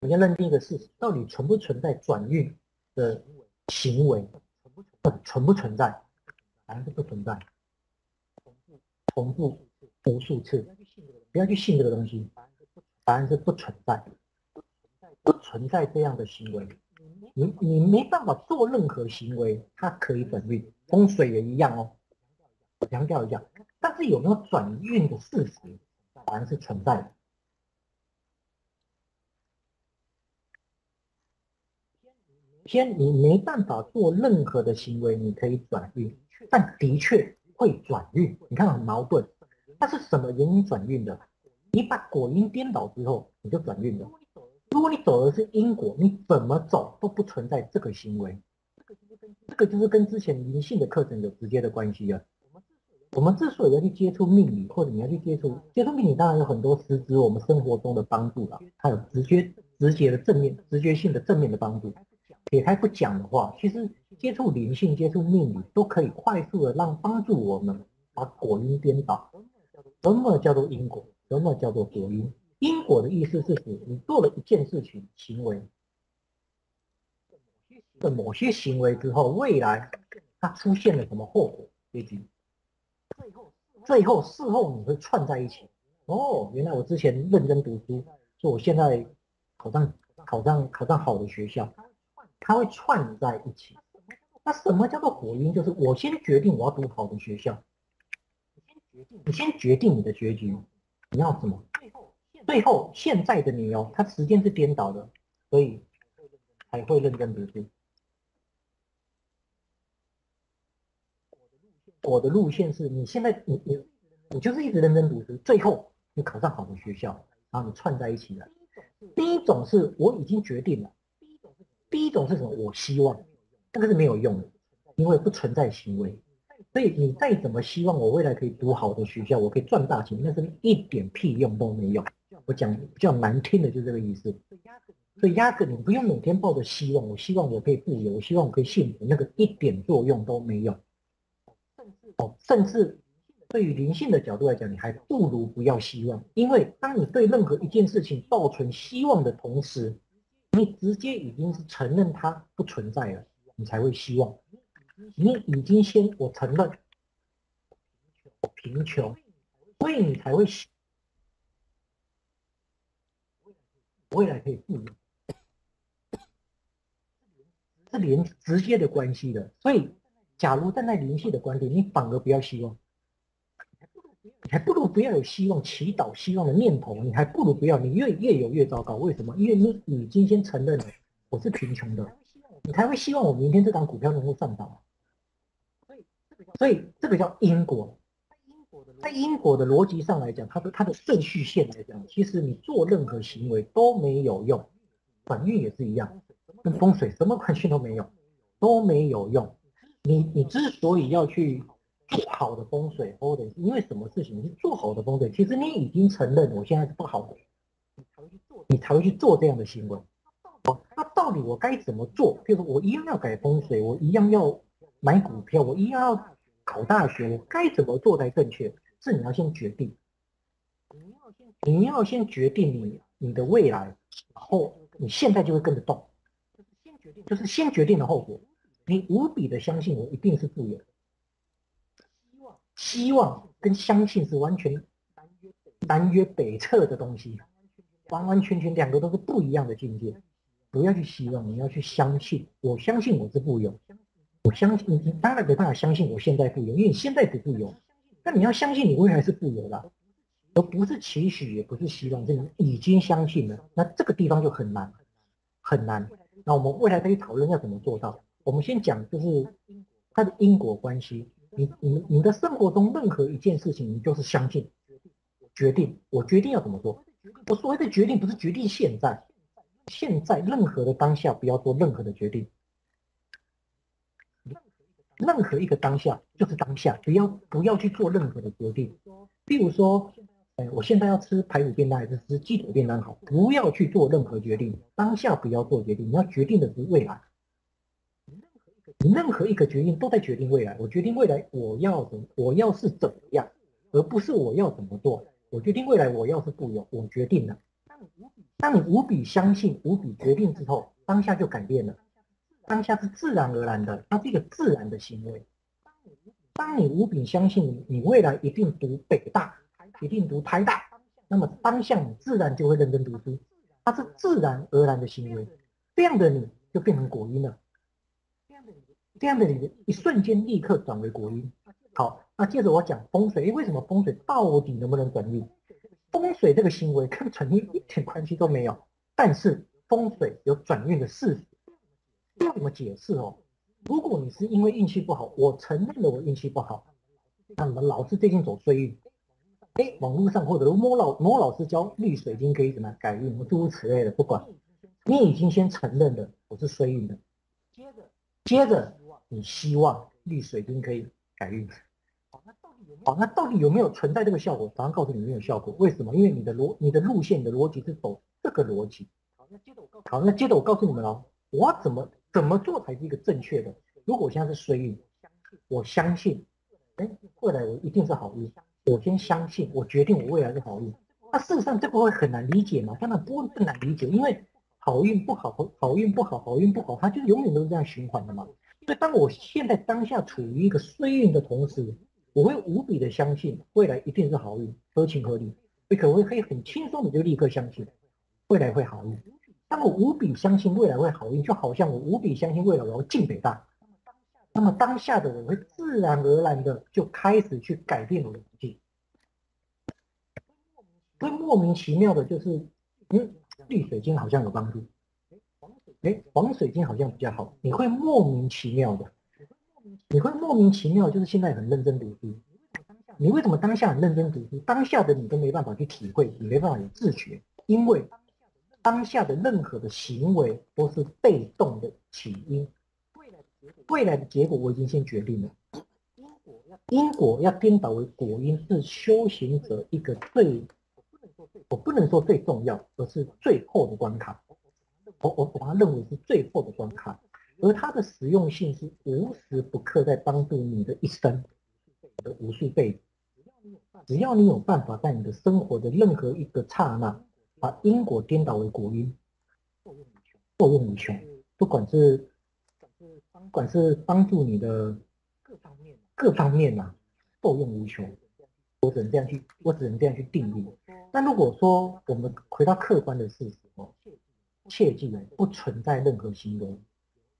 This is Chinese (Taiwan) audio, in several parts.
你要認定一個事實，到底存不存在轉運的行為？存不存在？答案是不存在。重複，無數次。不要去信這個東西，答案是不存在，不存在這樣的行為。你你沒辦法做任何行為，它可以轉運。風水也一樣哦。強調一下，但是有沒有轉運的事實？反而是存在的。先，你沒辦法做任何的行為，你可以轉運，但的確會轉運。你看很矛盾，它是什麼原因轉運的？你把果因顛倒之後，你就轉運了。如果你走的是因果，你怎麼走都不存在這個行為。這個就是跟之前靈性的課程有直接的關係啊。我們之所以要去接觸命理，或者你要去接觸接觸命理，當然有很多實質我們生活中的幫助了，還有直覺、直接的正面、直覺性的正面的幫助。撇開不講的話，其實接觸靈性、接觸命理，都可以快速的讓幫助我們把果因顛倒。什麼叫做因果？什麼叫做果因？因果的意思是指你做了一件事情、行為的某些行為之後，未來它出現了什麼後果、結局，最後、事後你會串在一起。哦，原來我之前認真讀書，說我現在考上、考上、考上好的學校。他會串在一起。那什麼叫做果因？就是我先決定我要讀好的學校，你先決定，你的結局，你要什麼？最後，最後現在的你哦，他時間是顛倒的，所以才會認真讀書。我的路線是，你現在，你你你就是一直認真讀書，最後你考上好的學校，然後你串在一起了。第一種是我已經決定了。第一種是什麼？我希望，那個是沒有用的，因為不存在行為，所以你再怎麼希望我未來可以讀好的學校，我可以賺大錢，那是一點屁用都沒有。我講比較難聽的，就是這個意思。所以壓根你不用每天抱着希望。我希望我可以自由，我希望我可以幸福，那個一點作用都沒有。甚至哦，甚至對於靈性的角度來講，你還不如不要希望，因為當你對任何一件事情抱存希望的同時，你直接已經是承認它不存在了，你才會希望。你已經先我承認我貧窮，所以你才會希望未來可以不一樣，是連直接的關係的。所以，假如站在靈性的觀點，你反而不要希望。你還不如不要有希望，祈禱希望的念頭。你還不如不要，你越越有越糟糕。為什麼？因為你你已經先承認了我是貧窮的，你才會希望我明天這檔股票能夠上漲。所以這個叫因果，在因果的在因果的邏輯上來講，它的順序線來講，其實你做任何行為都沒有用，轉運也是一樣，跟風水什麼關係都沒有，都沒有用。你你之所以要去。做好的風水，或者是因為什麼事情你做好的風水，其實你已經承認我現在是不好的，才會去做，你才會去做這樣的行為。哦、啊，那到底我該怎麼做？就是我一樣要改風水，我一樣要買股票，我一樣要考大學，我該怎麼做才正確？是你要先決定，你要先你要先決定你你的未來，然後你現在就會跟着動，就是先決定，就是先決定的後果。你無比的相信我一定是自由。希望跟相信是完全南轅北轍的東西，完完全全兩個都是不一樣的境界。不要去希望，你要去相信。我相信我是富有，我相信你，當然沒辦法相信我現在富有，因為你現在不富有。那你要相信你未來是富有的，而不是期許，也不是希望，這你已經相信了。那這個地方就很難，很難。那我們未來可以討論要怎麼做到。我們先講就是它的因果關係。你、你你的生活中任何一件事情，你就是相信決定。我決定要怎麼做。我所謂的決定，不是決定現在，現在任何的當下不要做任何的決定。任何一個當下就是當下，不要不要去做任何的決定。比如說，哎，我現在要吃排骨便當還是吃雞腿便當好？不要去做任何決定，當下不要做決定。你要決定的是未來。你任何一個決定都在決定未來。我決定未來我要我要是怎麼樣，而不是我要怎麼做。我決定未來我要是富有，我決定了。當你無比相信、無比決定之後，當下就改變了。當下是自然而然的，它是一個自然的行為。當你無比相信你未來一定讀北大，一定讀台大，那麼當下你自然就會認真讀書，它是自然而然的行為。這樣的你就變成果因了。這樣的人，一瞬間立刻轉為國音。好，那接着我講風水。為什麼風水到底能不能轉運？風水這個行為跟轉運一點關係都沒有。但是風水有轉運的事實，要怎麼解釋哦。如果你是因為運氣不好，我承認了我運氣不好，那麼老是最近走衰運。哎，網絡上或者說某摩某老師教綠水晶可以怎麼樣改運，我諸如此類的，不管。你已經先承認了，我是衰運的。接着，接着。你希望綠水晶可以改運，好，那到底有沒有存在這個效果？反正告訴你沒有效果，為什麼？因為你的邏你的路線的邏輯是走這個邏輯。好，那接着我告好，那接着我告訴你們哦，我要怎麼怎麼做才是一個正確的？如果我現在是衰運，我相信，哎，未來我一定是好運。我先相信，我決定我未來是好運。那事實上這個會很難理解嘛，當然不不難理解，因為好運不好，好運不好，好運不好，它就永遠都是這樣循環的嘛。所以，當我現在當下處於一個衰運的同時，我會無比的相信未來一定是好運，合情合理。你可不可以會很輕鬆的就立刻相信未來會好運？當我無比相信未來會好運，就好像我無比相信未來我要進北大，那麼當下的人會自然而然的就開始去改變我的環境，會莫名其妙的就是，嗯，綠水晶好像有幫助。哎，黃水晶好像比較好。你會莫名其妙的，你會莫名其妙，就是現在很認真讀書。你為什麼當下很認真讀書？當下的你都沒辦法去體會，你沒辦法去自覺，因為當下的任何的行為都是被動的起因。未來的結果，未來的結果我已經先決定了。因果要顛倒為果因，是修行者一個最，我不能說最，我不能說最重要，而是最後的關卡。我我把它認為是最後的關卡，而它的實用性是無時不刻在幫助你的一生的無數倍。只要你有辦法在你的生活的任何一個剎那，把因果顛倒為果因，作用無窮，不管是不管是幫助你的各方面啊，各方面吶，作用無窮。我只能這樣去，我只能這樣去定義。那如果說我們回到客觀的事實哦。.切記，不存在任何行為、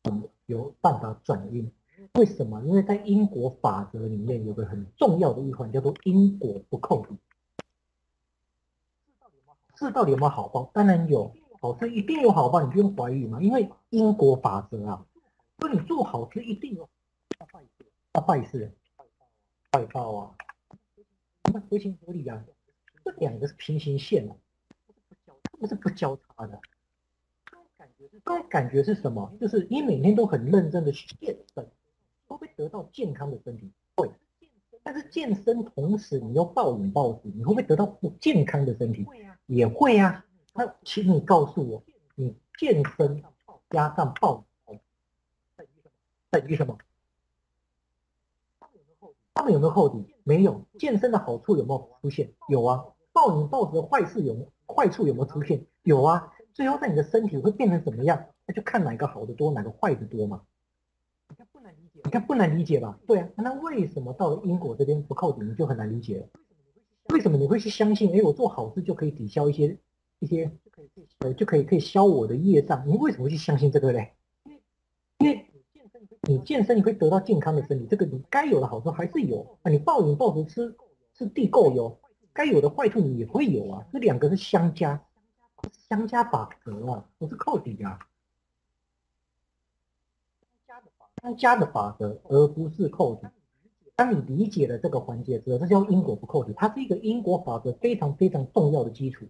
嗯、有辦法轉運。為什麼？因為在因果法則裡面有個很重要的一環叫做“因果不空”，是到底有沒有好報？是到底有沒有好報？當然有，好事一定有好報，你不用懷疑嘛。因為因果法則啊，說對你做好事一定有壞事、壞事、啊、壞報啊。什麼合情合理啊，這兩個是平行線啊，他們是，是不交叉的。這種感覺是什麼？就是你每天都很認真的去健身，會不會得到健康的身體？會。但是健身同時你又暴飲暴食，你會不會得到不健康的身體？會啊，也會啊。那請你告訴我，你健身加上暴飲暴食，等於什麼？等於什麼？他們有沒有後悔？沒有。健身的好處有沒有出現？有啊。暴飲暴食的壞事有壞處有沒有出現？有啊。最後，在你的身體會變成怎麼樣？那就看哪個好的多，哪個壞的多嘛。你看不難理解，你看不難理解吧？對啊，那為什麼到了因果這邊不靠譜，你就很難理解了？為什麼你會去相信？哎，我做好事就可以抵消一些一些，呃，就可以可以消我的業障？你為什麼去相信這個嘞？因為你健身你會得到健康的身體，這個你該有的好處還是有，你暴飲暴食吃吃地溝油，該有的壞處也會有啊。這兩個是相加。相加法則啊，不是扣底啊。相加的法則，而不是扣底。當你理解了這個環節之後，它叫因果不扣底，它是一個因果法則非常非常重要的基礎。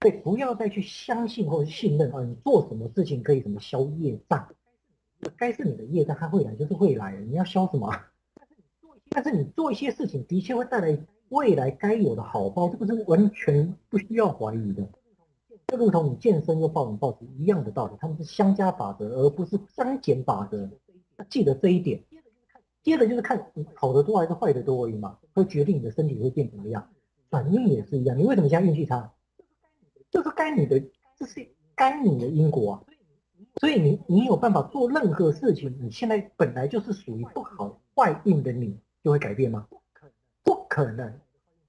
對，不要再去相信或者信任啊！你做什麼事情可以什麼消業障？該是你的業障，它會來，就是會來。你要消什麼？但是你做，但是你做一些事情，的確會帶來未來該有的好報，這個是完全不需要懷疑的。就如同你健身又暴飲暴食一樣的道理，他們是相加法則，而不是相減法則。記得這一點。接着就是看你好的多還是壞的多而已嘛，會決定你的身體會變怎麼樣。轉運也是一樣，你為什麼現在運氣差？這，就是該你的，這是該你的因果啊。所以你你有辦法做任何事情？你現在本來就是屬於不好壞運的你，你就會改變嗎？不可能，不可能。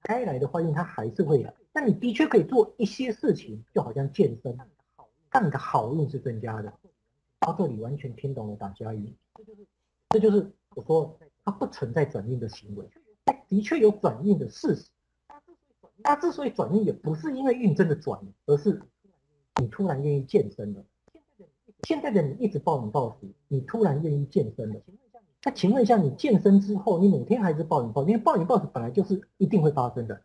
該來的壞運它還是會來。那你的確可以做一些事情，就好像健身，但你的好運是增加的。到、啊、這裡完全聽懂了，打家瑜。這就是我說，它不存在轉運的行為，但的確有轉運的事實。它之所以轉運，也不是因為運真的轉，而是你突然願意健身了。現在的你一直暴飲暴食，你突然願意，意健身了。那請問一下，你健身之後，你每天還是暴飲暴食？因為暴飲暴食本來就是一定會發生的。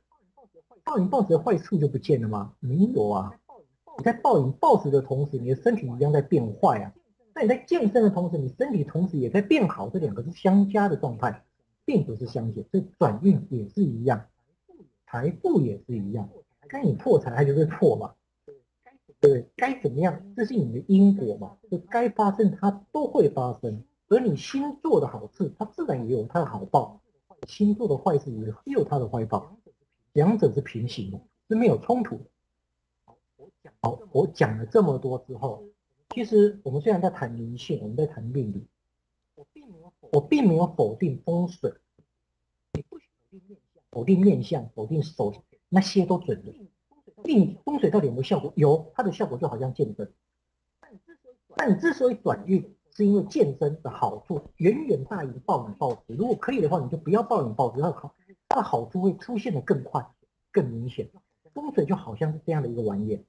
暴飲暴食的壞處就不見了嗎？沒有啊！你在暴飲暴食的同時，你的身體一樣在變壞啊。那你在健身的同時，你身體同時也在變好，這兩個是相加的狀態，並不是相減。這轉運也是一樣，財富也是一樣。該你破財，它就會破嘛？對，該怎麼樣？這是你的因果嘛？就該發生，它都會發生。而你心做的好事，它自然也有它的好報；心做的壞事，也有它的壞報。兩者是平行的，是沒有衝突的。好，我講了這麼多之後，其實我們雖然在談迷信，我們在談命理，我並沒有否定風水，否定面相，否定手那些都準的。命風水到底有沒有效果？有，它的效果就好像健身。但你,但你之所以轉運，是因為健身的好處遠遠大於暴飲暴食。如果可以的話，你就不要暴飲暴食，要靠。它的好處會出現得更快、更明顯。風水就好像是這樣的一個玩意，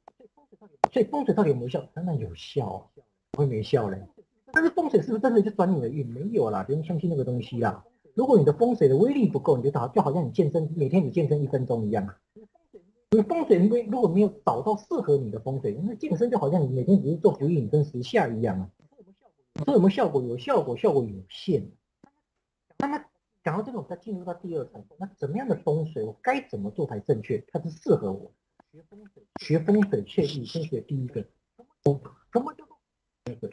所以風水到底有沒有效？當然有效啊，不會沒效嘞。但是風水是不是真的就轉你的運？沒有啦，別相信那個東西啊。如果你的風水的威力不夠，你就好，就好像你健身每天你健身一分鐘一樣啊。因為風水風水，如果沒有找到適合你的風水，那健身就好像你每天只是做俯臥撐十下一樣啊。你說有沒有效果？效果？有效果，效果有限。那想要這種，再進入到第二層，那怎麼樣的風水，我該怎麼做才正確？它是適合我學風水？學風水，建議先學第一個，什麼叫做風水？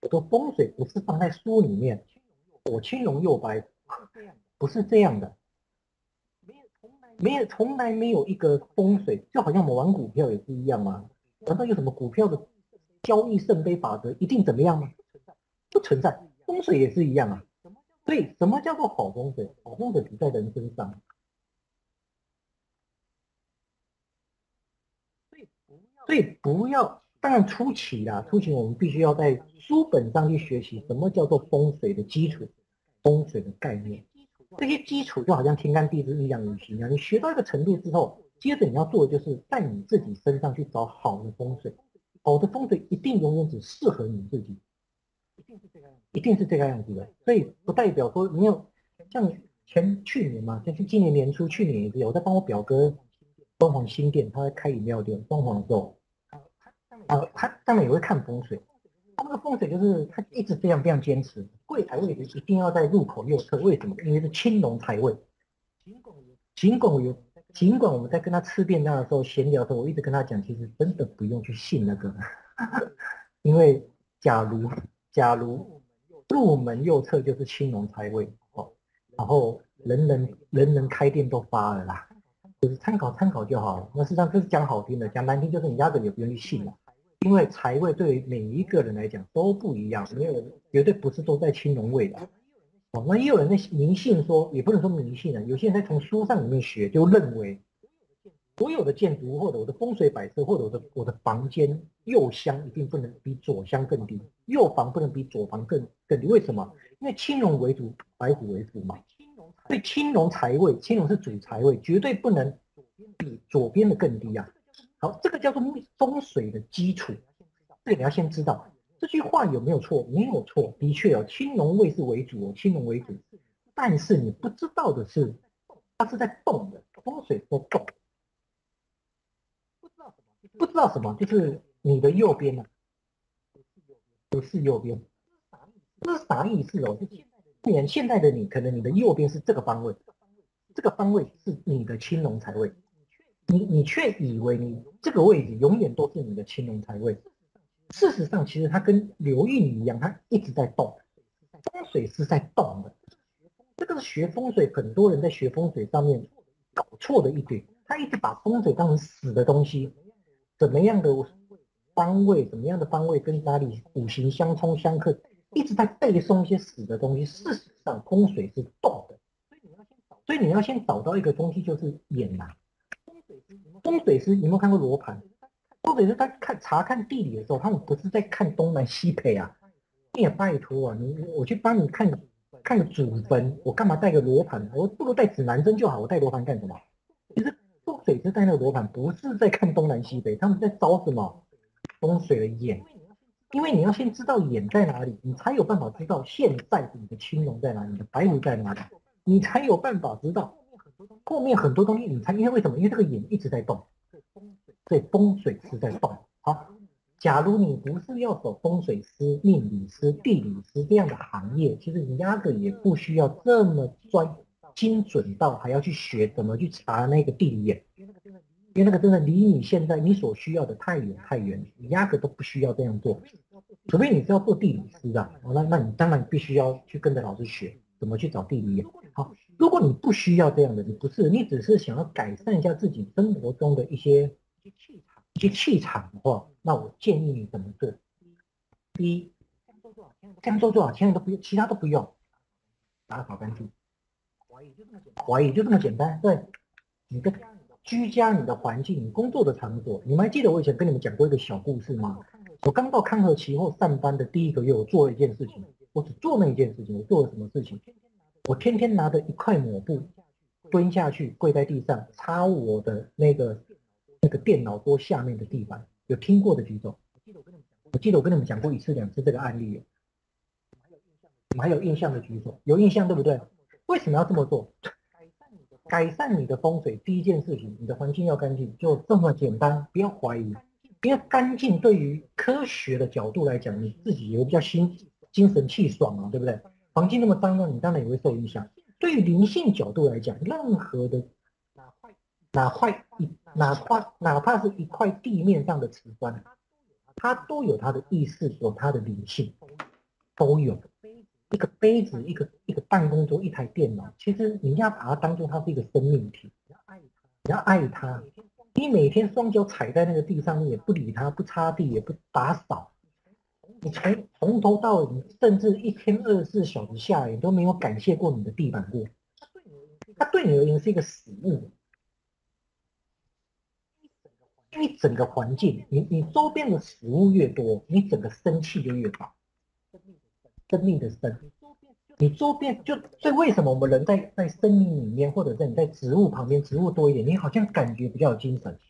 我的風水，不是放在書裡面，左青龍右白虎，不是這樣的，沒有，沒有，從來沒有一個風水，就好像我們玩股票也是一樣嘛、啊，難道有什麼股票的交易聖杯法則一定怎麼樣嗎、啊？不存在風水也是一樣啊，所以什麼叫做好風水？好風水不在人身上，所以所以不要。當然初期啦，初期我們必須要在書本上去學習什麼叫做風水的基礎、風水的概念。這些基礎就好像天干地支一樣，你學到一個程度之後，接着你要做的就是在你自己身上去找好的風水。好的風水一定永遠只適合你自己。一定是這個樣子，一定是這個樣子的，嗯、所以不代表說沒有像前去年嘛，前去年年初，去年也有我在幫我表哥裝潢新店，他開飲料店，裝潢的時候，啊，他當然也會看風水，他那個風水就是他一直這樣這樣堅持，櫃檯位置一定要在入口右側，為什麼？因為是青龍財位。儘管儘管有，儘管我們在跟他吃便當的時候閒聊的時候，我一直跟他講，其實真的不用去信那個， 因為假如。假如入門右側就是青龍財位哦，然後人人人人開店都發了啦，就是參考參考就好了。那實際上這是講好聽的，講難聽就是你壓根也不願意信了，因為財位對於每一個人來講都不一樣，沒有絕對不是都在青龍位的。我、哦、那也有人在迷信說，也不能說迷信了、啊，有些人在從書上裡面學就認為。所有的建築或者我的風水擺設或者我的我的房間右廂一定不能比左廂更低，右房不能比左房更更低。為什麼？因為青龍為主，白虎為輔嘛。所以，青龍財位，青龍是主財位，絕對不能比左邊的更低啊。好，這個叫做風水的基礎，這個你要先知道。這句話有沒有錯？沒有錯，的確有、哦、青龍位是為主，哦，青龍為主。但是你不知道的是，它是在動的，風水說動。不知道什麼，就是你的右邊呢、啊？不是右邊，這是啥意思哦？就現現現在的你，可能你的右邊是這個方位，這個方位是你的青龍財位。你你卻以為你這個位置永遠都是你的青龍財位，事實上，其實它跟流運一樣，它一直在動。風水是在動的，這個是學風水很多人在學風水上面搞錯的一點，他一直把風水當成死的東西。怎麼樣的方位，怎麼樣的方位跟哪裡五行相沖相剋，一直在帶裡送一些死的東西。事實上，風水是動的，所以你要先，找到一個東西，就是眼吶、啊。風水師，你有沒有看過羅盤？風水師他看查看地理的時候，他們不是在看東南西北啊？你也拜托啊，你我去幫你看，看祖墳，我幹嘛帶個羅盤？我不如帶指南針就好，我帶羅盤幹什麼？其實。水是在那個羅盤，不是在看東南西北，他們在找什麼？風水的眼，因為你要先知道眼在哪裡，你才有辦法知道現在你的青龍在哪裡，你的白虎在哪裡，你才有辦法知道後面很多東西你。你才因為為什麼？因為這個眼一直在動，所以風水是在動。好，假如你不是要走風水師、命理師、地理師這樣的行業，其實你壓根也不需要這麼專。精準到還要去學怎麼去查那個地理眼，因為那個真的離你現在你所需要的太遠太遠，你壓根都不需要這樣做，除非你是要做地理師啊，哦那那你當然必須要去跟着老師學怎麼去找地理眼。好，如果你不需要這樣的，你不是，你只是想要改善一下自己生活中的一些一些氣場的話，那我建議你怎麼做？第一這樣做多少錢都不用，其他都不用，打掃乾淨。懷疑就這麼簡單，對，你的居家你的環境，你工作的場所，你們還記得我以前跟你們講過一個小故事嗎？我剛到康和期貨上班的第一個月，我做了一件事情，我只做那一件事情，我做了什麼事情？我天天拿着一塊抹布蹲下去，跪在地上擦我的那個那個電腦桌下面的地板，有聽過的舉手。我記得我跟你們，講過一次兩次這個案例，你們還有印象的舉手，有印象對不對？為什麼要這麼做？改善你的風水，第一件事情，你的環境要乾淨，就這麼簡單。不要懷疑，因為乾淨對於科學的角度來講，你自己也會比較心精神氣爽嘛，對不對？環境那麼髒亂，你當然也會受影響。對於靈性角度來講，任何的哪塊哪塊哪怕哪怕是一塊地面上的瓷磚，它都有它的意識，有它的靈性，都有。一個杯子，一個一個辦公桌，一台電腦，其實你要把它當做它是一個生命體，你要愛它，你要愛它。你每天雙腳踩在那個地上，你也不理它，不擦地，也不打掃。你從從頭到尾，甚至一天二十四小時下來，你都沒有感謝過你的地板過。它對你，它對你而言是一個死物。一整個環境，你你周邊的死物越多，你整個生氣就越大。生命的生，你周邊就，所以為什麼我們人在在生命裡面，或者是你在植物旁邊，植物多一點，你好像感覺比較有精神、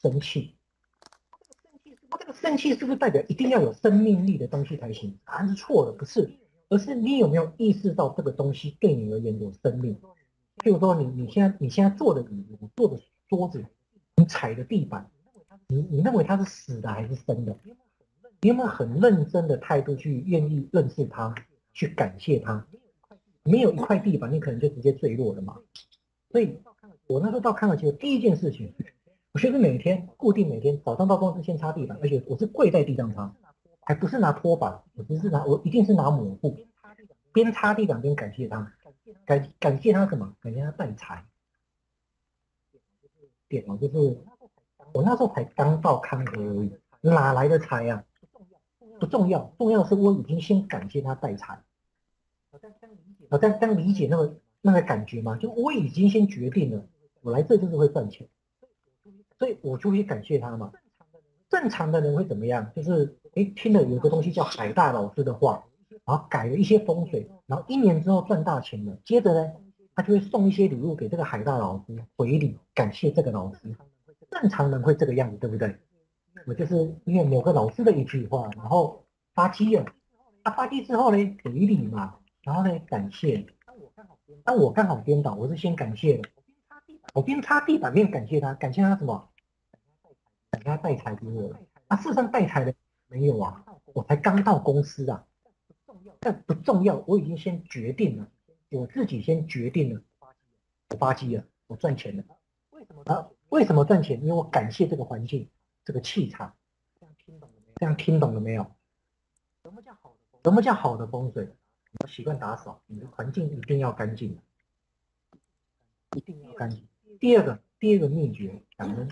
生氣。生氣，這個生氣是不是代表一定要有生命力的東西才行？答案是錯的，不是，而是你有沒有意識到這個東西對你而言有生命？譬如說你，你你現在你現在坐的椅，坐的桌子，你踩的地板，你你認為它是死的還是生的？你有沒有很認真的態度去願意認識他，去感謝他？沒有一塊地板，你可能就直接墜落了嘛。所以，我那時候到康樂去，第一件事情，我甚至每天固定每天早上到公司先擦地板，而且我是跪在地上擦，還不是拿拖把，我不是拿，我一定是拿抹布，邊擦地板邊感謝他，感感謝他什麼？感謝他帶財。對嘛，就是，我那時候才剛到康樂而已，哪來的財啊？不重要，重要的是我已經先感謝他帶財。啊，但但理解那個那個感覺嘛，就我已經先決定了，我來這就是會賺錢，所以我就會感謝他嘛。正常的人會怎麼樣？就是哎，聽了有個東西叫海大老師的話，然後改了一些風水，然後一年之後賺大錢了。接着呢，他就會送一些禮物給這個海大老師回禮，感謝這個老師。正常人會這個樣子，對不對？我就是因為某個老師的一句話，然後發跡了。他、啊、發跡之後呢，給你嘛，然後呢，感謝。當、啊、我剛好顛倒，我是先感謝的。我邊擦地板邊感謝他，感謝他什麼？感謝他帶財，給我了。他事實上帶財的沒有啊，我才剛到公司啊。但不重要，我已經先決定了，我自己先決定了。我發跡了，我賺錢了。啊，為什麼賺錢？因為我感謝這個環境。這個氣場，這樣聽懂了沒有？什麼叫好的風？好的風水？你要習慣打掃，你的環境一定要乾淨，嗯，一定要乾淨。第二個，第二個秘訣，感恩。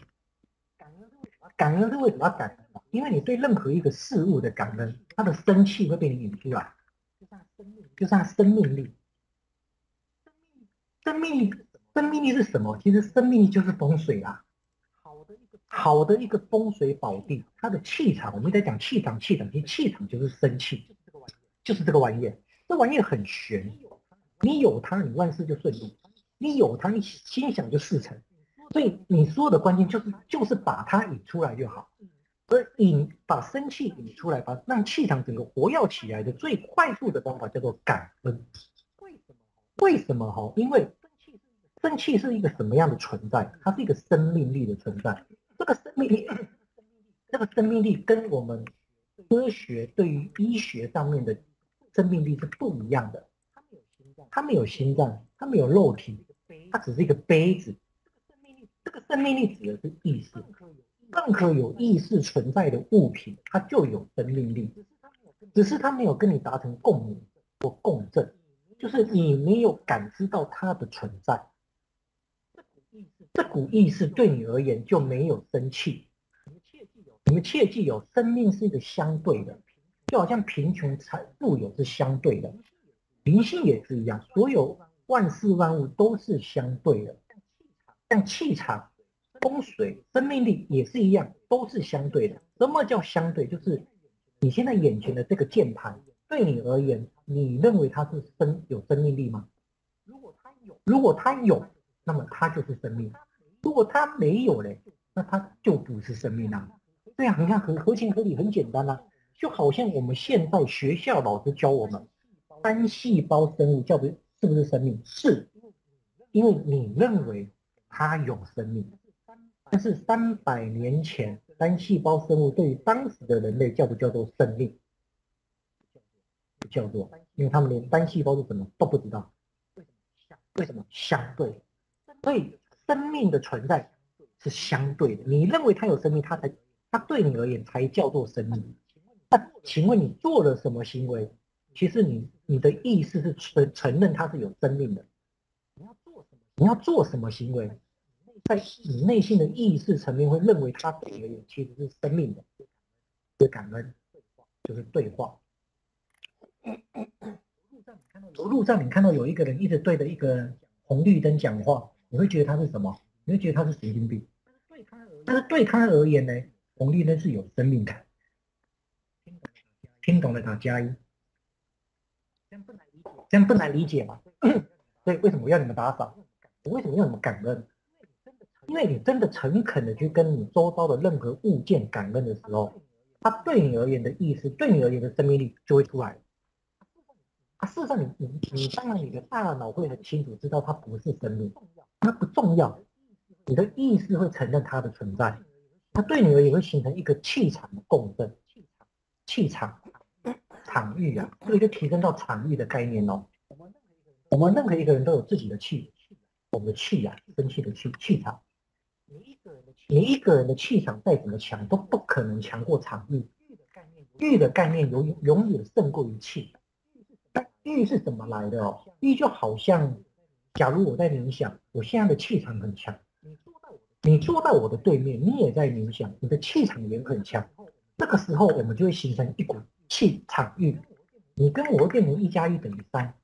感恩是為什麼？感恩是什麼感恩？因為你對任何一個事物的感恩，它的生氣會被你引出來。就像生命力，就像生命力。生命力，生命力是什麼？其實生命力就是風水啊。好的一個風水寶地，它的氣場，我們在講氣場，氣場，其實氣場就是生氣，就是這個玩意，這玩意很玄。你有它，你萬事就順利；你有它，你心想就事成。所以你所有的關鍵就是，就是把它引出來就好。而引把生氣引出來，把讓氣場整個活躍起來的最快速的方法叫做感恩。為什麼？為什麼哈？因為生氣是一個什麼樣的存在？它是一個生命力的存在。這個生命力，這個生命力跟我們科學對於醫學上面的生命力是不一樣的。他沒有心臟，他沒有肉體，他只是一個杯子。這個生命力，這個生命力指的是意識。任何有意識存在的物品，它就有生命力。只是它沒有跟你達成共鳴或共振，就是你沒有感知到它的存在。這股意識對你而言就沒有生氣。你們切記有，你們切記有，生命是一個相對的，就好像貧窮財富也是相對的，靈性也是一樣，所有萬事萬物都是相對的。像氣場、氣場、風水、生命力也是一樣，都是相對的。什麼叫相對？就是你現在眼前的這個鍵盤，對你而言，你認為它是生有生命力嗎？如果它有，如果它有，那麼它就是生命。如果它沒有嘞，那它就不是生命啦、啊。對啊，你看很合情合理，很簡單啦、啊。就好像我們現在學校老師教我們，單細胞生物叫做是不是生命？是，因為你認為它有生命。但是三百年前，單細胞生物對於當時的人類叫不叫做生命？叫做，因為他們連單細胞是什麼都不知道。為什麼相對？所以。生命的存在是相對的，你認為它有生命，它才，它對你而言才叫做生命。那請問你做了什麼行為？其實你你的意識是承承認它是有生命的。你要做什麼？你要做什麼行為，在你內心的意識層面會認為它對你而言其實是生命的？對、就是、感恩，就是對話。路上你看到，路上你看到有一個人一直對着一個紅綠燈講話。你會覺得它是什麼？你會覺得它是神經病。但是對他而言呢，紅綠燈是有生命的。聽懂了打加一。這樣不難理解，這樣不難理解嘛？對嗯、所以為什麼要你們打掃？我為什麼要你們感恩？真的，因為你真的誠懇的去跟你周遭的任何物件感恩的時候，它對，它對你而言的意思，對你而言的生命力就會出來、啊。事實上你你你當然你的大腦會很清楚知道它不是生命。它不重要，你的意識會承認它的存在，它對你而言會形成一個氣場的共振。氣場、場域啊，這個就提升到場域的概念哦。我們任何一個人都有自己的氣，我們的氣啊，生氣的氣、氣場。每一個人的每一個人的氣場再怎麼強，都不可能強過場域。域的概念，永遠永遠勝過於氣，但域是怎麼來的哦？域就好像。假如我在冥想，我現在的氣場很強。你坐到我的對面，你也在冥想，你的氣場也很強。那個時候，我們就會形成一股氣場域。你跟我變成一加一等於三，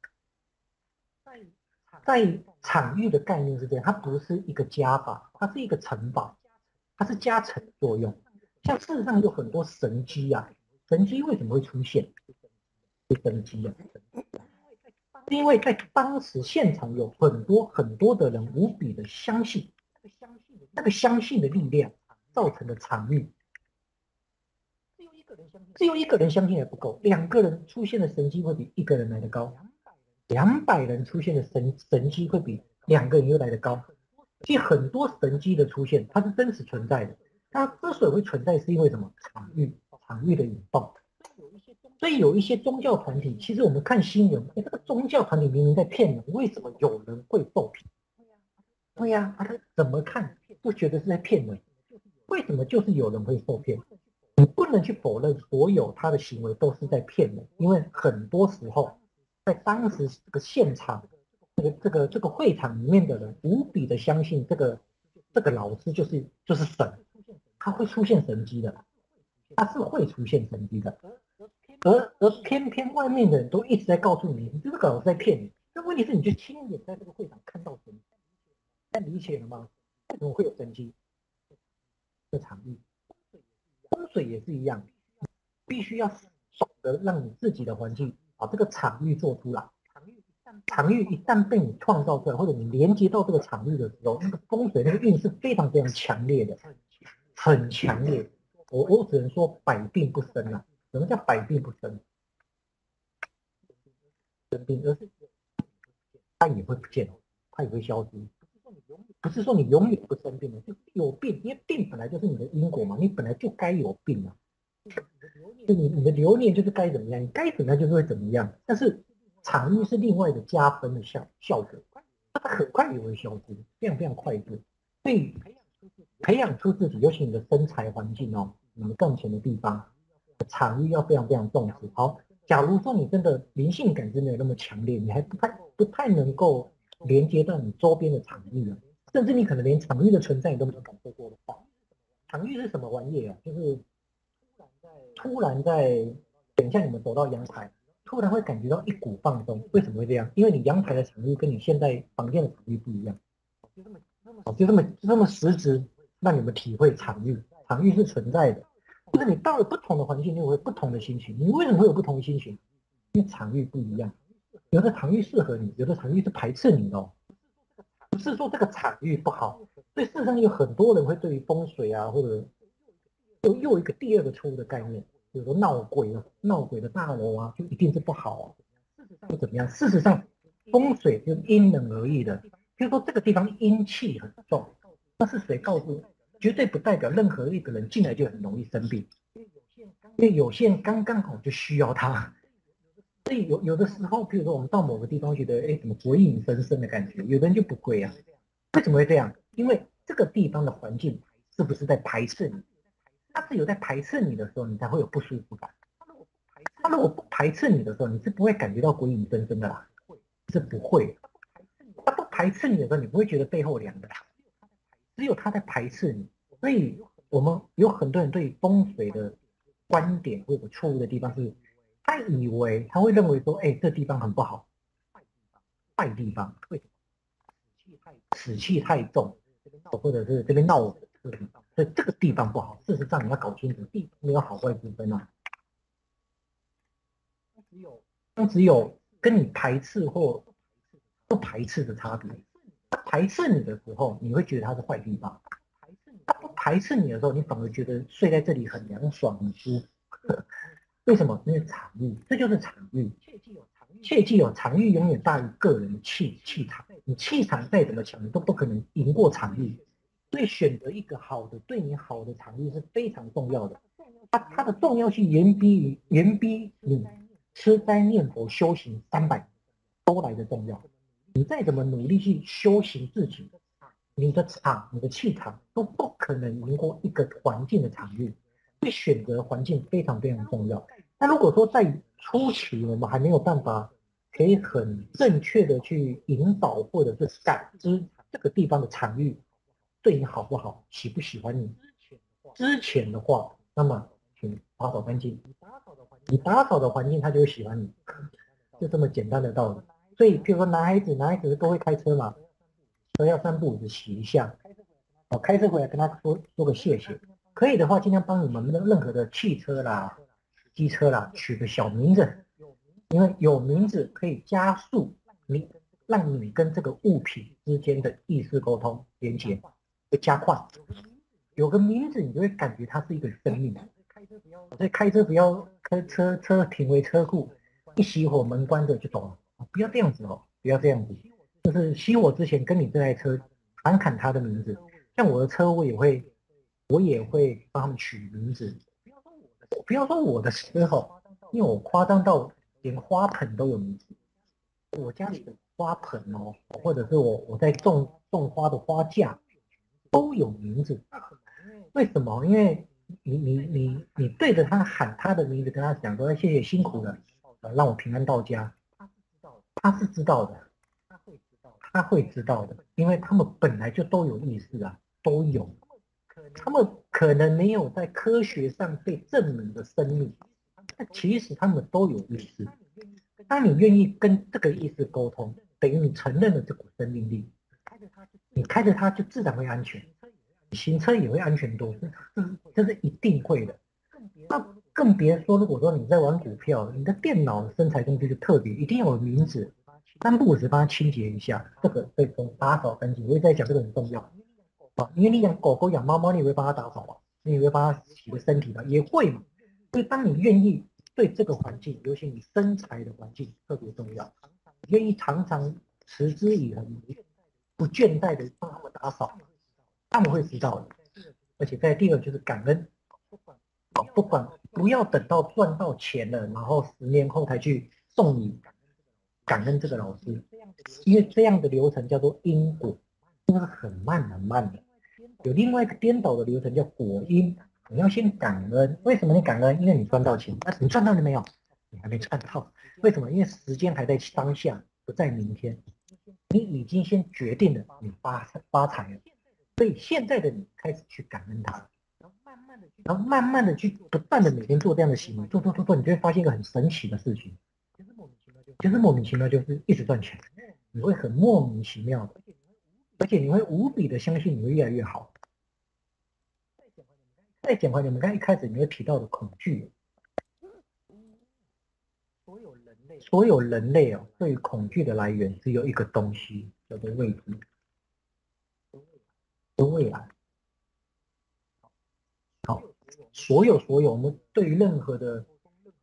在場域的概念是這樣，它不是一個加法，它是一個乘法，它是加成作用。像事實上有很多神機啊，神機為什麼會出現？會升機啊。因為在當時現場有很多很多的人無比的相信，那個相信，那個相信的力量造成的場域，只有一個人相信，只有一個人相信也不夠，兩個人出現的神蹟會比一個人來得高，兩百人出現的神神蹟會比兩個人又來得高，其實很多神蹟的出現，它是真實存在的，它之所以會存在，是因為什麼？場域，場域的引爆。所以有一些宗教團體，其實我們看新聞，你這個宗教團體明明在騙人，為什麼有人會受騙？對呀、啊，他、啊、怎麼看都覺得是在騙人，為什麼就是有人會受騙？你不能去否認所有他的行為都是在騙人，因為很多時候在當時這個現場，這個這個這個會場裡面的人無比的相信這個這個老師就是就是神，他會出現神蹟的，他是會出現神蹟的。而而偏偏外面的人都一直在告訴你，你這個搞在騙你。那問題是，你就親眼在這個會場看到什麼？太明顯了嗎？為什麼會有生機？這個、場域，風水也是一樣，必須要守得讓你自己的環境把這個場域做出來。場域一旦被你創造出來，或者你連接到這個場域的時候，那個風水那個運是非常非常強烈的，很強烈。我我只能說百病不生啊。什麼叫百病不生？生病，而是它也會不見哦，他也會消失。不是說你永遠不生病了，就有病，因為病本來就是你的因果嘛，你本來就該有病啊。就你你的流年就是該怎麼樣，你該怎麼樣就是會怎麼樣。但是場域是另外的加分的效效果，它很快也會消失，非常非常快速。所以培養出自己，尤其你的身材環境哦，你們賺錢的地方。場域要非常非常重視。好，假如說你真的靈性感知沒有那麼強烈，你還不太不太能夠連接到你周邊的場域啊，甚至你可能連場域的存在你都沒有感受過的話。場域是什麼玩意啊？就是突然在突然在，等一下你們走到陽台，突然會感覺到一股放鬆。為什麼會這樣？因為你陽台的場域跟你現在房間的場域不一樣。就這麼，就這麼，就這麼實質讓你們體會場域，場域是存在的。就是你到了不同的環境，你會有不同的心情。你為什麼會有不同的心情？因為場域不一樣。有的場域適合你，有的場域是排斥你的。不是說這個場域不好。所以事實上有很多人會對於風水啊，或者又又一個第二個錯誤的概念，比如說鬧鬼鬧鬼的大樓啊，就一定是不好啊。事實上怎麼樣？事實上風水就是因人而異的。就是說這個地方陰氣很重，那是誰告訴？絕對不代表任何一個人進來就很容易生病，因為有些人剛剛好就需要他。所以有有的時候，比如說我們到某個地方覺得，哎、欸，怎麼鬼影森森的感覺？有的人就不會啊？為什麼會這樣？因為這個地方的環境是不是在排斥你？他只有在排斥你的時候，你才會有不舒服感。他如果不排斥你的時候，你是不會感覺到鬼影森森的啦。會是不會？他不排斥你的時候，你不會覺得背後涼的啦。只有他在排斥你，所以我們有很多人對風水的觀點會有錯誤的地方，是，他以為他會認為說，哎、欸，這個、地方很不好，壞地方，壞地方，為什麼？死氣太重，或者是這邊鬧，這這個地方不好。事實上，你要搞清楚，地沒有好壞之分啊，只有，只有跟你排斥或不排斥的差別。他排斥你的時候，你會覺得他是壞地方；他不排斥你的時候，你反而覺得睡在這裡很涼爽、很舒服。為什麼？因為場域，這就是場域。切記有場域，永遠大於個人氣氣場。對，你氣場再怎麼強，你都不可能贏過場域。對，對，所以選擇一個好的、對你好的場域是非常重要的。它、啊、它的重要性遠比遠比你吃齋念，念佛修行三百都來的重要。你再怎麼努力去修行自己，你的場、你的氣場都不可能贏過一個環境的場域。所以選擇環境非常非常重要。那如果說在初期我們還沒有辦法可以很正確的去引導或者是感知這個地方的場域對你好不好、喜不喜歡你，之前的話，那麼請打掃乾淨。你打掃的環境，他就會喜歡你，就這麼簡單的道理。所以，比如說男孩子，男孩子都會開車嘛，都要散步，我洗一下。哦，開車過來跟他說，說個謝謝。可以的話，盡量幫你們的任何的汽車啦、機車啦取個小名字，因為有名字可以加速你，讓你跟這個物品之間的意識溝通連接會加快。有個名字，你就會感覺它是一個生命。所以開車不要，開車不要，車車車停為車庫，一熄火門關着就走了。不要這樣子哦！不要這樣子，就是熄火之前跟你這台車喊喊他的名字。像我的車，我也會，我也會幫他們取名字。不要說我的，不要說我的車哦，因為我誇張到連花盆都有名字。我家裡的花盆哦，或者是我我在種種花的花架都有名字。為什麼？因為你你你你對着他喊他的名字，跟他講說謝謝辛苦了，讓我平安到家。他是知道的，他會知道的，因為他們本來就都有意識啊，都有。他們可能沒有在科學上被證明的生命，但其實他們都有意識。當你願意跟這個意識溝通，等於你承認了這股生命力。你開着它就自然會安全，行車也會安全多，這是，這是一定會的。更別說，如果說你在玩股票，你的電腦、身材東西就特別一定要有名字，但不只是幫他清潔一下，這個被種打掃乾淨，我一直在講這個很重要啊，因為你養狗狗、養貓貓，你也會幫它打掃啊，你也會幫它洗個身體的，也會嘛。所以當你願意對這個環境，尤其你身材的環境特別重要，願意常常持之以恆、不倦怠的幫它們打掃，他們會知道的。而且在第二就是感恩，啊、不管，不要等到賺到錢了，然後十年後才去送你感恩這個老師，因為這樣的流程叫做因果，那就是很慢很慢的。有另外一個顛倒的流程叫果因，你要先感恩。為什麼你感恩？因為你賺到錢。但、啊、是你賺到了沒有？你還沒賺到。為什麼？因為時間還在當下，不在明天。你已經先決定了你發發財了，所以現在的你開始去感恩他。然後慢慢的去，不斷的每天做這樣的行為，做做做做，你就會發現一個很神奇的事情，其實莫名其妙，就是一直賺錢，你會很莫名其妙的，而且你會無比的相信你會越來越好，你會無比的相信你會越來越好。再簡化點，你們剛剛一開始你會提到的恐懼，嗯，所有人類，所有人類哦，對於恐懼的來源只有一個東西，叫做未知的未來。好，所有所有，我們對任何的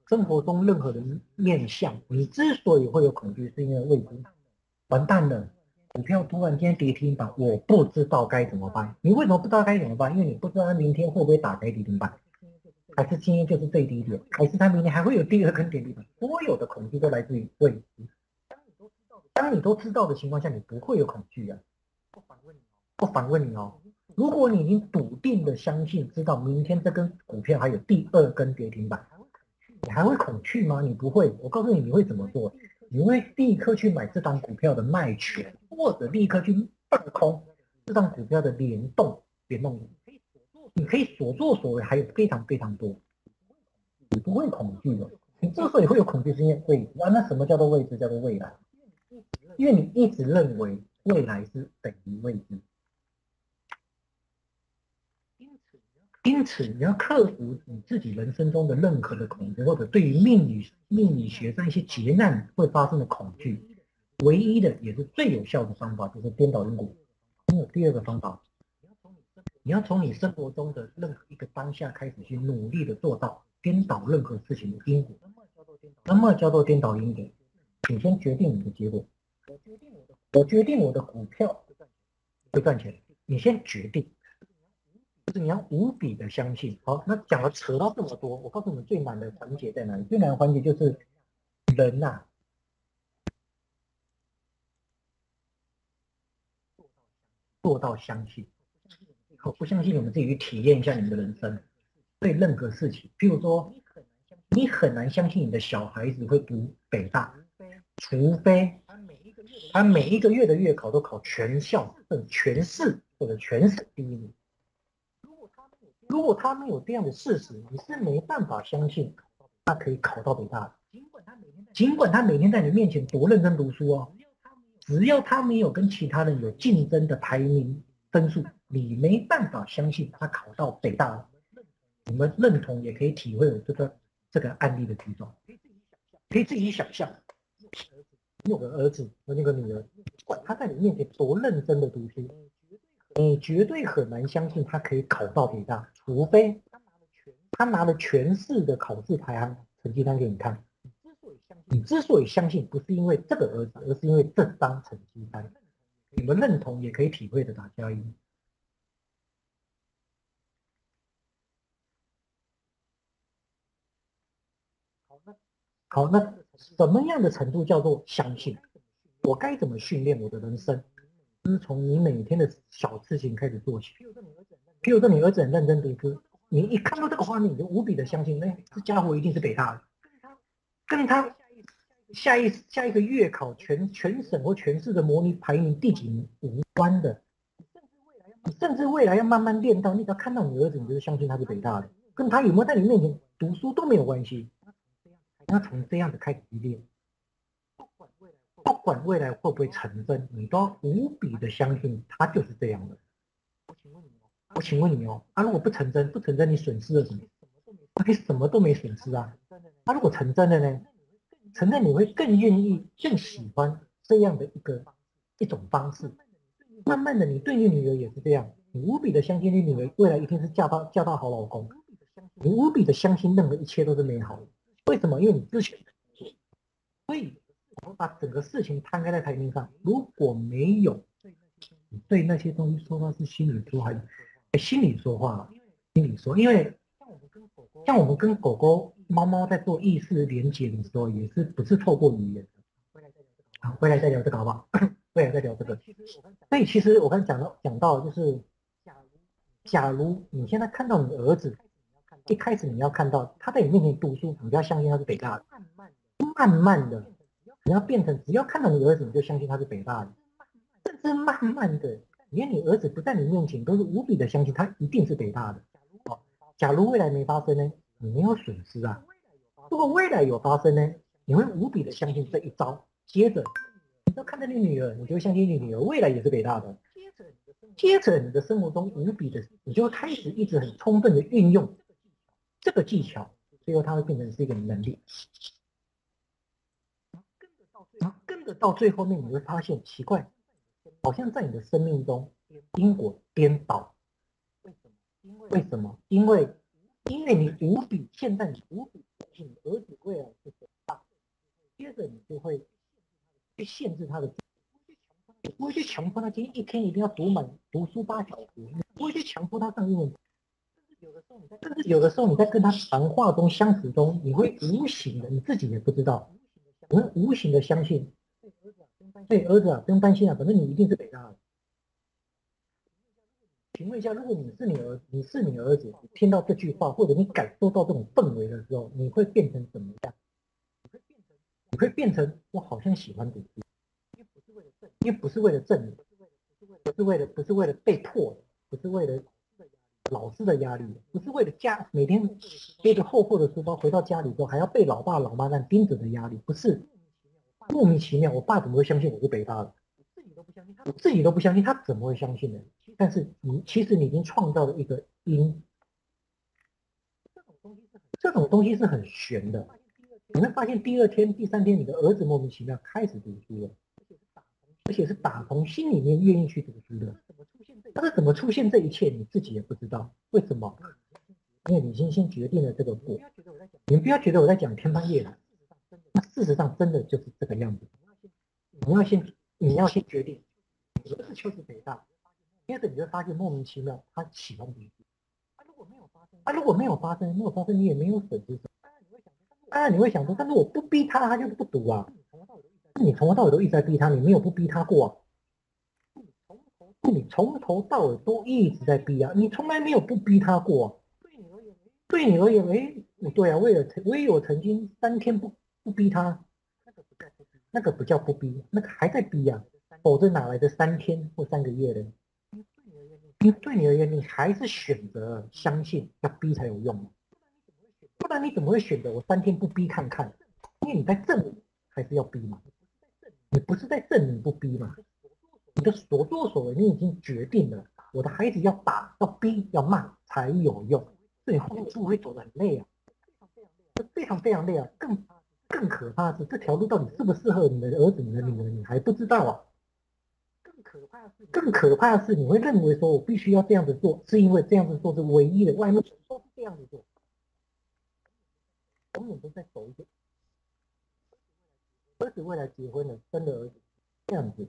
生活中任何的面向，你之所以會有恐懼，是因為未知。完蛋了，完蛋了，股票突然間跌停板，我不知道該怎麼辦。嗯、你為什麼不知道該怎麼辦？因為你不知道明天會不會打開跌停板，還是今天就是最低點，還是它明天還會有第二根跌停板？所有的恐懼都來自於未知。當你都知道的，當你都知道的情況下，你不會有恐懼啊。不反我反問你哦。如果你已經篤定的相信，知道明天這根股票還有第二根跌停板，你還會恐懼嗎？你不會。我告訴你，你會怎麼做？你會立刻去買這張股票的賣權，或者立刻去放空這張股票的聯動聯動。你可以所作所為還有非常非常多，你不會恐懼的。你這時候也會有恐懼心理，會完了什麼叫做未知？叫做未來？因為你一直認為未來是等於未知。因此，你要克服你自己人生中的任何的恐懼，或者對於命理、命理學上一些劫難會發生的恐懼，唯一的也是最有效的方法就是顛倒因果。沒有第二個方法，你要從你生活中的任何一個當下開始去努力的做到顛倒任何事情的因果。什麼叫做顛倒因果？你先決定你的結果。我決定我的，我決定我的股票會賺錢。你先決定。就是你要無比的相信。好，那講了扯到這麼多，我告訴你最難的環節在哪裡？最難的環節就是人吶、啊，做到相信。我不相信，不相信你們自己去體驗一下你們的人生。對任何事情，譬如說，你很難相信你的小孩子會讀北大，除非他每一個月的月考都考全校，或者全市或者全省第一名。如果他沒有這樣的事實，你是沒辦法相信他可以考到北大的。儘管他每天在你面前多認真讀書哦，只要他沒有跟其他人有競爭的排名分數，你沒辦法相信他考到北大的。你們認同也可以體會我這個這個案例的舉證，可以自己想象，你有個兒子和那個女兒，管他在你面前多認真的讀書。你、嗯、絕對很難相信他可以考到北大，除非他拿了全市的考試排行成績單給你看。你之所以相，之所以相信，不是因為這個兒子，而是因為這張成績單。你們認同也可以體會的，打，打幺幺零。好，那好，那什麼樣的程度叫做相信？我該怎麼訓練我的人生？是從你每天的小事情開始做起。比如說你兒子很認真讀書，你一看到這個畫面，你就無比的相信，哎，這家伙一定是北大的。跟他、跟他下一下一個月考全全省或全市的模擬排名第幾名無關的，甚至未來，要慢慢練到，你只要看到你兒子，你就相信他是北大的，跟他有沒有在你面前讀書都沒有關係。那從這樣的開始練。不管未來會不會成真，你都要無比的相信他就是這樣的。我請問你哦，我請問你哦，啊，如果不成真，不成真，你損失了什麼？他、啊、什麼都沒損失啊。他、啊、如果成真的呢？成真，你會更願意、更喜歡這樣的一個一種方式。慢慢的，你對你女兒也是這樣，你無比的相信你女兒未來一定是嫁到嫁到好老公，你無比的相信任何一切都是美好的。為什麼？因為你之前，所以。我們把整個事情攤開在台面上，如果沒有對那些東西說話是心裡出還是心裡說話心裡說，說，因為像我們跟狗狗、貓貓在做意識聯結的時候，也是不是透過語言？好，回來再聊這個好不好？回來再聊這個。所以其實我剛才講到講到就是，假如假如你現在看到你的兒子，開一開始你要看到他在你面前讀書，你要相信他是北大的，慢慢的。慢慢的你要變成，只要看到你兒子，你就相信他是北大的，甚至慢慢的，連你兒子不在你面前，都是無比的相信他一定是北大的。哦，假如未來沒發生呢，你沒有損失啊。如果未來有發生呢，你會無比的相信這一招。接着，你要看到你女兒，你就相信你女兒未來也是北大的。接着，接着你的生活中無比的，你就會開始一直很充分的運用這個技巧，最後它會變成是一個能力。到最後面，你會發現奇怪，好像在你的生命中，因果顛倒。為什麼？因為因為你無比現在你無比相信兒子未來是很大，接着你就會去限制他的，不會去強迫他今天一天一定要讀滿讀書八小時，不會去強迫他上英文。甚至有的時候你在，甚至有的時候你在跟他談話中、相處中，你會無形的，你自己也不知道，我們無形的相信。所以對，兒子啊，不用擔心啊，反正你一定是北大的。請問一下，如果你是你兒，你是你兒子，你聽到這句話或者你感受到這種氛圍的時候，你會變成怎麼樣？你會變成，你會變成，會變成我好像喜歡讀書，因為不是為了證明，不是為了不是為了不是為了不是為了被迫，不是為了老師的壓力，不是為了家，每天背着厚厚的書包回到家裡之後還要被老爸老媽那盯着的壓力，不是。莫名其妙，我爸怎麼會相信我是北大的？我自己都不相信，自己都不相信，他怎麼會相信呢？但是你其實你已經創造了一個因。這種東西是很玄的，玄的你會發現第二天、第二天第三天，你的兒子莫名其妙開始讀書了，而且是打從心裡面願意去讀書的。他是是怎麼出現這一切？一切你自己也不知道為什麼，因為你已經先決定了這個果。你不要你不要覺得我在講天方夜譚。事實上，真的就是這個樣子。你要先，你要先，你要先決定，不是就是北大。接着你就發現莫名其妙，他啟動了。他如果沒有發生，沒有發生，你也沒有損失什麼。當然你會想說，當然但是我不逼他，他就是不讀啊。你從頭到尾，都一直在逼他，你沒有不逼他過。你從你從頭到尾都一直在逼啊，你從來沒有不逼他過。對你而言，對你而言，哎，對啊，為了曾，我也有曾經三天不。不逼他，那個不叫不逼，那個不叫不逼那個還在逼呀、啊。否則哪來的三天或三個月呢？你對，你而言，你對，你而言，你還是選擇相信要逼才有用、啊，不然你怎麼會選？不然你怎麼會選擇我三天不逼看看？正因為你在證明還是要逼嘛，你不是在證明不，不逼嘛？你，逼嗎？你的所作所為，你已經決定了，我的孩子要打、要逼、要罵才有用。所以後面就會走得很累啊。非常非常累啊，更。更可怕的是這條路到底適不適合你的兒子、你的女兒，你還不知道啊！更可怕的是，更可怕的是你會認為說，我必須要這樣子做，是因為這樣子做是唯一的。外面都是這樣子做。永遠都在走一個兒子未來結婚了，生了兒子這樣子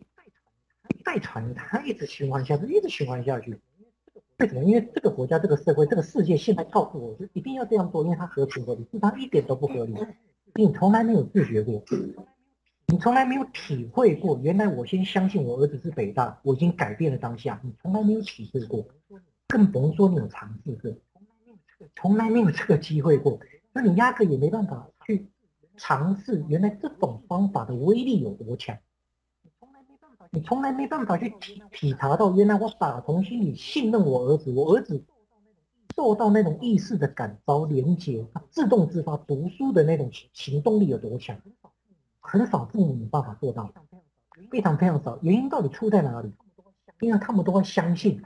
代傳，他一直循環下去，一直循環下去。為，為什麼？因為這個國家、這個社會、這個世界現在告訴我，是一定要這樣做，因為它合情合理，事它一點都不合理。嗯你從來沒有自覺過，你從來沒有體會過，原來我先相信我兒子是北大，我已經改變了當下。你從來沒有體會過，更甭說你有嘗試過，從來沒有這個從來沒有這個機會過，那你壓根也沒辦法去嘗試原來這種方法的威力有多強。你從來沒辦法去體體察到原來我打從心裡信任我兒子，我兒子。做到那種意識的感召連接，自動自發讀書的那種行動力有多強？很少父母、嗯、有辦法做到，非常非常少。原因到底出在哪裡？因為他們都會相信，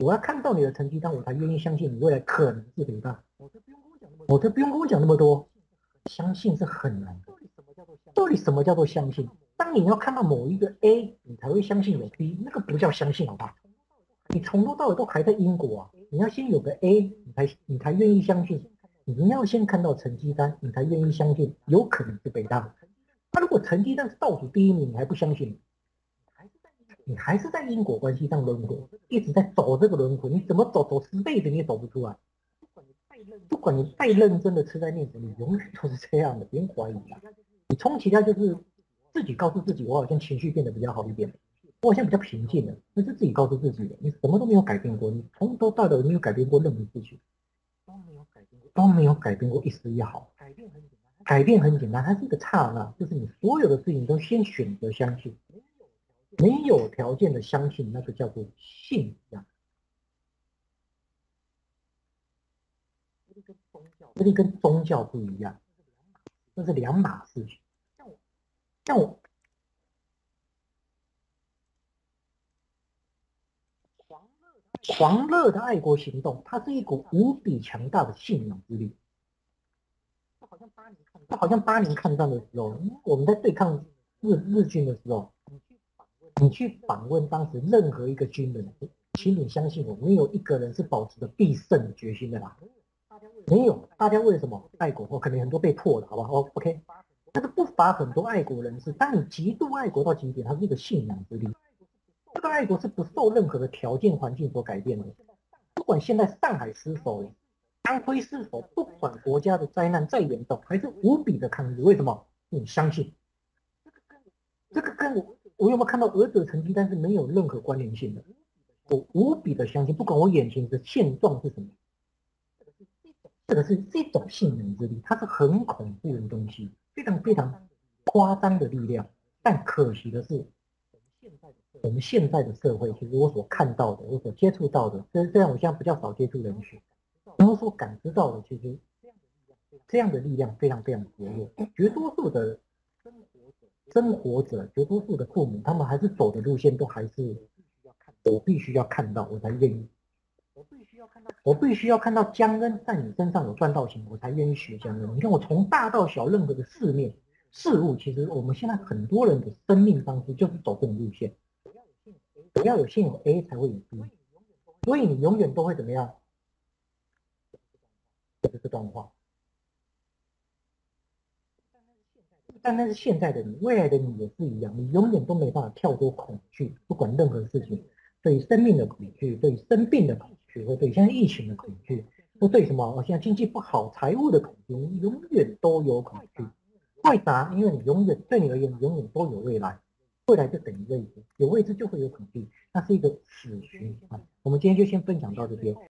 我要看到你的成績單，我才願意相信你未來可能是老大。我就不，不用跟我講那麼多，相信是很難的。到底什麼叫做相信？當你要看到某一個 A，你才會相信有 B，那個不叫相信好不好，好吧你從頭到尾都還在因果啊！你要先有個 A，你才你才願意相信；你要先看到成績單，你才願意相信有可能是北大。那如果成績單是倒數第一名，你還不相信你，你還是在因果關係上輪迴，一直在走這個輪迴。你怎麼走走十輩子你也走不出來。不管你再認真地吃齋念佛，你永遠都是這樣的，別懷疑啊！你充其量就是自己告訴自己，我好像情緒變得比較好一點。我好像比較平靜的，那是自己告訴自己的，你什麼都沒有改變過，你從頭到尾沒有改變過任何事情，都沒有改變過，都沒有改變過一絲一毫。改變很簡單，它是一個剎那，就是你所有的事情都先選擇相信，沒有條件的相信，那就叫做信仰。那就跟宗教不一樣，那是兩碼事。像我，像我。狂熱的愛國行動，它是一股無比強大的信仰之力。就好像八年抗戰的時候，我們在對抗日日軍的時候，你去訪問，你去訪問當時任何一個軍人，請你相信我，沒有一個人是保持着必勝決心的吧？對吧？沒有，大家為什麼愛國？我、哦、可能很多被迫的，好不好？哦、okay，但是不乏很多愛國人士。當你極度愛國到極點，它是一個信仰之力。這個愛國是不受任何的條件環境所改變的，不管現在上海失守，安徽失守，不管國家的災難再嚴重，還是無比的抗日。為什麼？你相信？這個跟我我有沒有看到兒子的成績單，但是沒有任何關聯性的。我無比的相信，不管我眼前的現狀是什麼，這個是這種信任之力，它是很恐怖的東西，非常非常誇張的力量。但可惜的是，現在我們現在的社會，其實我所看到的，我所接觸到的，就是、雖然雖然我現在比較少接觸人群，然後所感知到的，其實這樣的力量非常非常薄弱。絕大多數的生生活者，絕大多數的父母，他們還是走的路線都還是我必須要看到，我才願意。我必須要看到，我必須要看到江恩在你身上有賺到錢，我才願意學江恩。你看，我從大到小，任何的世面事物，其實我們現在很多人的生命當中就是走這種路線。只要有信用 A 才會有 B，所以你永遠都會怎麼樣？就是這段話。不單單是現在的你，未來的你也是一樣，你永遠都沒辦法跳脫恐懼，不管任何事情，對於生命的恐懼，對於生病的恐懼，或者對現在疫情的恐懼，或者對什麼現在經濟不好、財務的恐懼，永遠都有恐懼。為啥？因為你永遠對你而言，你永遠都有未來。未來就等於未知，有未知就會有恐懼，那是一個死循環。我們今天就先分享到這邊。